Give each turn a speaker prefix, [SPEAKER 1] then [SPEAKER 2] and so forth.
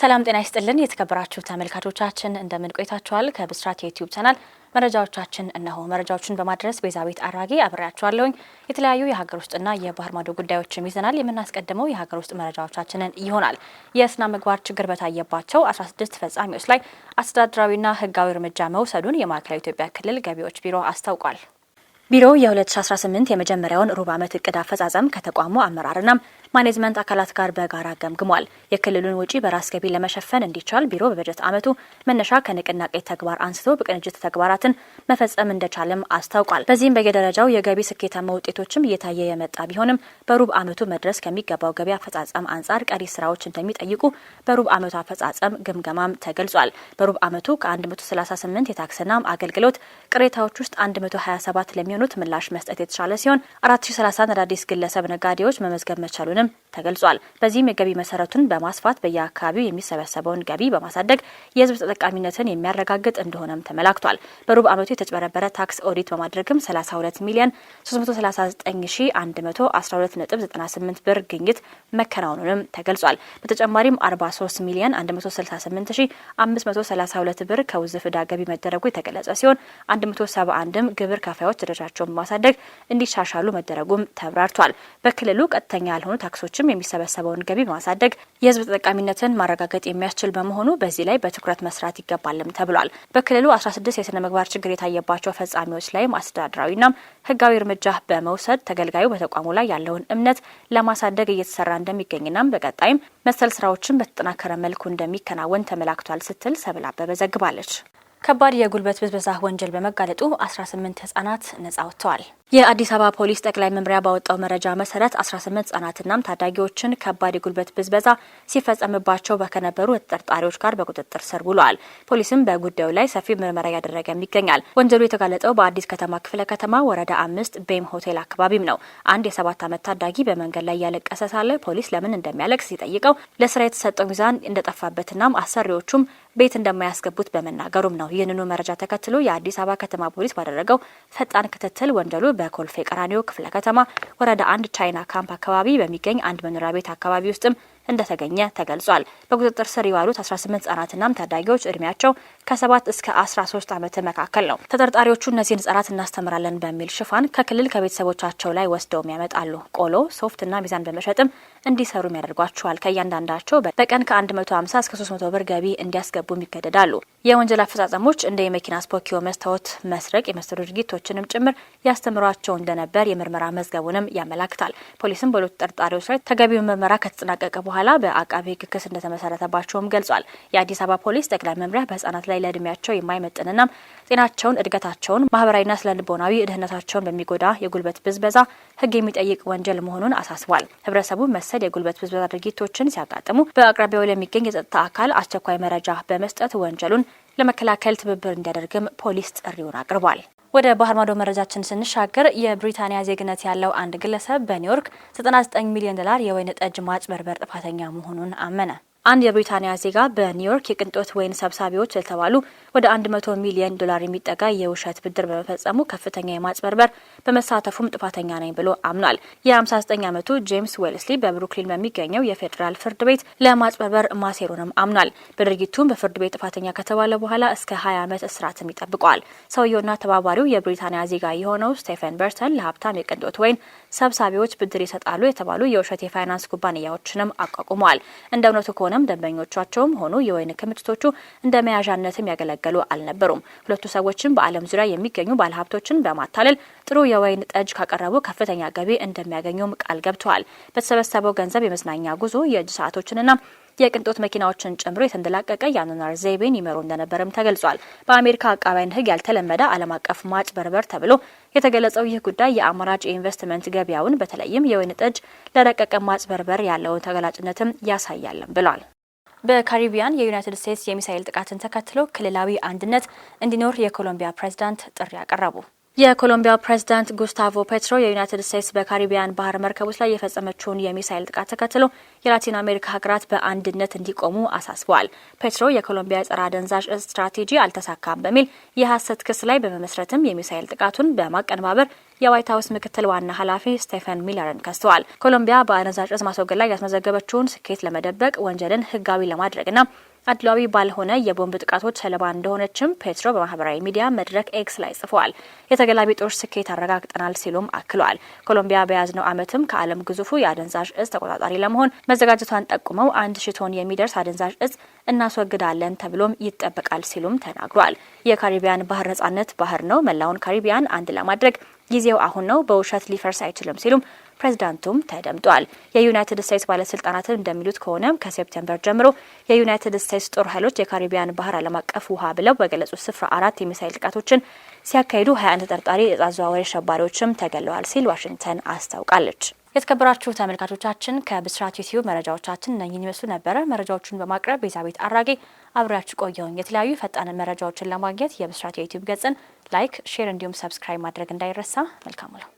[SPEAKER 1] ሰላም ጤና ይስጥልን። የተከበራችሁ ተመልካቾቻችን እንደምን ቆይታችኋል? ከብስራት የዩቲዩብ ቻናል መረጃዎቻችን እነሆ። መረጃዎችን በማድረስ ቤዛቤት አራጊ አብሬያችኋለሁኝ። የተለያዩ የሀገር ውስጥና የባህር ማዶ ጉዳዮችም ይዘናል። የምናስቀድመው የሀገር ውስጥ መረጃዎቻችንን ይሆናል። የስነ ምግባር ችግር በታየባቸው 16 ፈጻሚዎች ላይ አስተዳደራዊና ሕጋዊ እርምጃ መውሰዱን የማዕከላዊ ኢትዮጵያ ክልል ገቢዎች ቢሮ አስታውቋል። ቢሮው የ2018 የመጀመሪያውን ሩብ ዓመት እቅድ አፈጻጸም ከተቋሙ አመራርና ማኔጅመንት አካላት ጋር በጋራ ገምግሟል። የክልሉን ወጪ በራስ ገቢ ለመሸፈን እንዲቻል ቢሮ በበጀት ዓመቱ መነሻ ከንቅናቄ ተግባር አንስቶ በቅንጅት ተግባራትን መፈጸም እንደቻለም አስታውቋል። በዚህም በየደረጃው የገቢ ስኬታማ ውጤቶችም እየታየ የመጣ ቢሆንም በሩብ ዓመቱ መድረስ ከሚገባው ገቢ አፈጻጸም አንጻር ቀሪ ስራዎች እንደሚጠይቁ በሩብ ዓመቱ አፈጻጸም ግምገማም ተገልጿል። በሩብ ዓመቱ ከ138 የታክስና አገልግሎት ቅሬታዎች ውስጥ 127 ለሚሆ ለሚሆኑት ምላሽ መስጠት የተቻለ ሲሆን 4030 አዳዲስ ግለሰብ ነጋዴዎች መመዝገብ መቻሉንም ተገልጿል። በዚህም የገቢ መሰረቱን በማስፋት በየአካባቢው የሚሰበሰበውን ገቢ በማሳደግ የህዝብ ተጠቃሚነትን የሚያረጋግጥ እንደሆነም ተመላክቷል። በሩብ ዓመቱ የተጭበረበረ ታክስ ኦዲት በማድረግም 32 ሚሊዮን 339112.98 ብር ግኝት መከናወኑንም ተገልጿል። በተጨማሪም 43 ሚሊዮን 168532 ብር ከውዝፍ ዕዳ ገቢ መደረጉ የተገለጸ ሲሆን 171ም ግብር ከፋዮች ደረጃ ገቢያቸውን በማሳደግ እንዲሻሻሉ መደረጉም ተብራርቷል። በክልሉ ቀጥተኛ ያልሆኑ ታክሶችም የሚሰበሰበውን ገቢ በማሳደግ የህዝብ ተጠቃሚነትን ማረጋገጥ የሚያስችል በመሆኑ በዚህ ላይ በትኩረት መስራት ይገባልም ተብሏል። በክልሉ 16 የስነ ምግባር ችግር የታየባቸው ፈጻሚዎች ላይም አስተዳደራዊና ህጋዊ እርምጃ በመውሰድ ተገልጋዩ በተቋሙ ላይ ያለውን እምነት ለማሳደግ እየተሰራ እንደሚገኝናም በቀጣይም መሰል ስራዎችን በተጠናከረ መልኩ እንደሚከናወን ተመላክቷል ስትል ሰብል አበበ ዘግባለች። ከባድ የጉልበት ብዝበዛ ወንጀል በመጋለጡ 18 ህጻናት ነጻ ወጥተዋል። የአዲስ አበባ ፖሊስ ጠቅላይ መምሪያ ባወጣው መረጃ መሰረት 18 ህጻናትናም ታዳጊዎችን ከባድ የጉልበት ብዝበዛ ሲፈጸምባቸው በከነበሩ ተጠርጣሪዎች ጋር በቁጥጥር ስር ውለዋል። ፖሊስም በጉዳዩ ላይ ሰፊ ምርመራ እያደረገም ይገኛል። ወንጀሉ የተጋለጠው በአዲስ ከተማ ክፍለ ከተማ ወረዳ አምስት ቤም ሆቴል አካባቢም ነው። አንድ የሰባት ዓመት ታዳጊ በመንገድ ላይ እያለቀሰ ሳለ ፖሊስ ለምን እንደሚያለቅስ ሲጠይቀው ለስራ የተሰጠው ሚዛን እንደጠፋበትናም አሰሪዎቹም ቤት እንደማያስገቡት በመናገሩም ነው ነው። ይህንኑ መረጃ ተከትሎ የአዲስ አበባ ከተማ ፖሊስ ባደረገው ፈጣን ክትትል ወንጀሉ በኮልፌ ቀራኒዮ ክፍለ ከተማ ወረዳ አንድ ቻይና ካምፕ አካባቢ በሚገኝ አንድ መኖሪያ ቤት አካባቢ ውስጥም እንደተገኘ ተገልጿል። በቁጥጥር ስር የዋሉት 18 ህጻናትና ታዳጊዎች እድሜያቸው ከ7 እስከ 13 ዓመት መካከል ነው። ተጠርጣሪዎቹ እነዚህን ህጻናት እናስተምራለን በሚል ሽፋን ከክልል ከቤተሰቦቻቸው ላይ ወስደውም ያመጣሉ። ቆሎ፣ ሶፍትና ሚዛን በመሸጥም እንዲሰሩም ያደርጓቸዋል። ከእያንዳንዳቸው በቀን ከ150 እስከ 300 ብር ገቢ እንዲያስገቡም ይገደዳሉ። የወንጀል አፈጻጸሞች እንደ የመኪና ስፖኪዮ መስታወት መስረቅ የመሰሉ ድርጊቶችንም ጭምር ያስተምሯቸው እንደነበር የምርመራ መዝገቡንም ያመላክታል። ፖሊስም በሁለቱ ተጠርጣሪዎች ላይ ተገቢውን ምርመራ ከተጠናቀቀ በኋላ በኋላ በአቃቤ ሕግ ክስ እንደተመሰረተባቸውም ገልጿል። የአዲስ አበባ ፖሊስ ጠቅላይ መምሪያ በህጻናት ላይ ለእድሜያቸው የማይመጥንና ጤናቸውን፣ እድገታቸውን፣ ማህበራዊና ስነ ልቦናዊ ድህነታቸውን በሚጎዳ የጉልበት ብዝበዛ ህግ የሚጠይቅ ወንጀል መሆኑን አሳስቧል። ህብረተሰቡ መሰል የጉልበት ብዝበዛ ድርጊቶችን ሲያጋጥሙ በአቅራቢያው ለሚገኝ የጸጥታ አካል አስቸኳይ መረጃ በመስጠት ወንጀሉን ለመከላከል ትብብር እንዲያደርግም ፖሊስ ጥሪውን አቅርቧል። ወደ ባህር ማዶ መረጃችን ስንሻገር የብሪታንያ ዜግነት ያለው አንድ ግለሰብ በኒውዮርክ 99 ሚሊዮን ዶላር የወይን ጠጅ ማጭበርበር ጥፋተኛ መሆኑን አመነ። አንድ የብሪታንያ ዜጋ በኒውዮርክ የቅንጦት ወይን ሰብሳቢዎች የተባሉ ወደ 100 ሚሊዮን ዶላር የሚጠጋ የውሸት ብድር በመፈጸሙ ከፍተኛ የማጭበርበር በመሳተፉም ጥፋተኛ ነኝ ብሎ አምኗል። የ59 ዓመቱ ጄምስ ዌልስሊ በብሩክሊን በሚገኘው የፌዴራል ፍርድ ቤት ለማጭበርበር ማሴሩንም አምኗል። በድርጊቱም በፍርድ ቤት ጥፋተኛ ከተባለ በኋላ እስከ 20 ዓመት እስራትም ይጠብቀዋል። ሰውየውና ተባባሪው የብሪታንያ ዜጋ የሆነው ስቴፈን በርተን ለሀብታም የቅንጦት ወይን ሰብሳቢዎች ብድር ይሰጣሉ የተባሉ የውሸት የፋይናንስ ኩባንያዎችንም አቋቁመዋል። እንደ እውነቱ ከሆነም ደንበኞቻቸውም ሆኑ የወይን ክምችቶቹ እንደ መያዣነትም ያገለግላል ያገለገሉ አልነበሩም። ሁለቱ ሰዎችም በዓለም ዙሪያ የሚገኙ ባለሀብቶችን በማታለል ጥሩ የወይን ጠጅ ካቀረቡ ከፍተኛ ገቢ እንደሚያገኙም ቃል ገብተዋል። በተሰበሰበው ገንዘብ የመዝናኛ ጉዞ፣ የእጅ ሰዓቶችንና የቅንጦት መኪናዎችን ጨምሮ የተንደላቀቀ የአኗኗር ዘይቤን ይመሩ እንደነበርም ተገልጿል። በአሜሪካ አቃባይን ሕግ ያልተለመደ ዓለም አቀፍ ማጭበርበር ተብሎ የተገለጸው ይህ ጉዳይ የአማራጭ የኢንቨስትመንት ገበያውን በተለይም የወይን ጠጅ ለረቀቀ ማጭበርበር ያለውን ተገላጭነትም ያሳያልም ብሏል። በካሪቢያን የዩናይትድ ስቴትስ የሚሳኤል ጥቃትን ተከትሎ ክልላዊ አንድነት እንዲኖር የኮሎምቢያ ፕሬዝዳንት ጥሪ አቀረቡ። የኮሎምቢያው ፕሬዝዳንት ጉስታቮ ፔትሮ የዩናይትድ ስቴትስ በካሪቢያን ባህር መርከቦች ላይ የፈጸመችውን የሚሳይል ጥቃት ተከትሎ የላቲን አሜሪካ ሀገራት በአንድነት እንዲቆሙ አሳስበዋል። ፔትሮ የኮሎምቢያ የጸረ አደንዛዥ ስትራቴጂ አልተሳካም በሚል የሐሰት ክስ ላይ በመመስረትም የሚሳይል ጥቃቱን በማቀነባበር የዋይት ሀውስ ምክትል ዋና ኃላፊ ስቴፈን ሚለርን ከስተዋል። ኮሎምቢያ በአደንዛዥ እጽ ማስወገድ ላይ ያስመዘገበችውን ስኬት ለመደበቅ ወንጀልን ህጋዊ ለማድረግና አድሏዊ ባልሆነ የቦምብ ጥቃቶች ሰለባ እንደሆነችም ፔትሮ በማህበራዊ ሚዲያ መድረክ ኤክስ ላይ ጽፈዋል። የተገላቢጦሽ ስኬት አረጋግጠናል ሲሉም አክለዋል። ኮሎምቢያ በያዝነው ዓመትም ከዓለም ግዙፉ የአደንዛዥ እጽ ተቆጣጣሪ ለመሆን መዘጋጀቷን ጠቁመው አንድ ሺ ቶን የሚደርስ አደንዛዥ እጽ እናስወግዳለን ተብሎም ይጠበቃል ሲሉም ተናግሯል። የካሪቢያን ባህር ነጻነት ባህር ነው። መላውን ካሪቢያን አንድ ለማድረግ ጊዜው አሁን ነው፣ በውሸት ሊፈርስ አይችልም ሲሉም ፕሬዚዳንቱም ተደምጧል። የዩናይትድ ስቴትስ ባለስልጣናት እንደሚሉት ከሆነ ከሴፕቴምበር ጀምሮ የዩናይትድ ስቴትስ ጦር ኃይሎች የካሪቢያን ባህር ዓለም አቀፍ ውሃ ብለው በገለጹት ስፍራ አራት የሚሳይል ጥቃቶችን ሲያካሂዱ አንድ ተጠርጣሪ የዕፅ አዘዋዋሪ አሸባሪዎችም ተገለዋል ሲል ዋሽንግተን አስታውቃለች። የተከበራችሁ ተመልካቾቻችን ከብስራት ዩቲዩብ መረጃዎቻችን እነኝን ይመስሉ ነበረ። መረጃዎቹን በማቅረብ ቤዛቤት አራጌ አብሬያችሁ ቆየውኝ። የተለያዩ ፈጣን መረጃዎችን ለማግኘት የብስራት የዩቲዩብ ገጽን ላይክ፣ ሼር እንዲሁም ሰብስክራይብ ማድረግ እንዳይረሳ። መልካም ነው።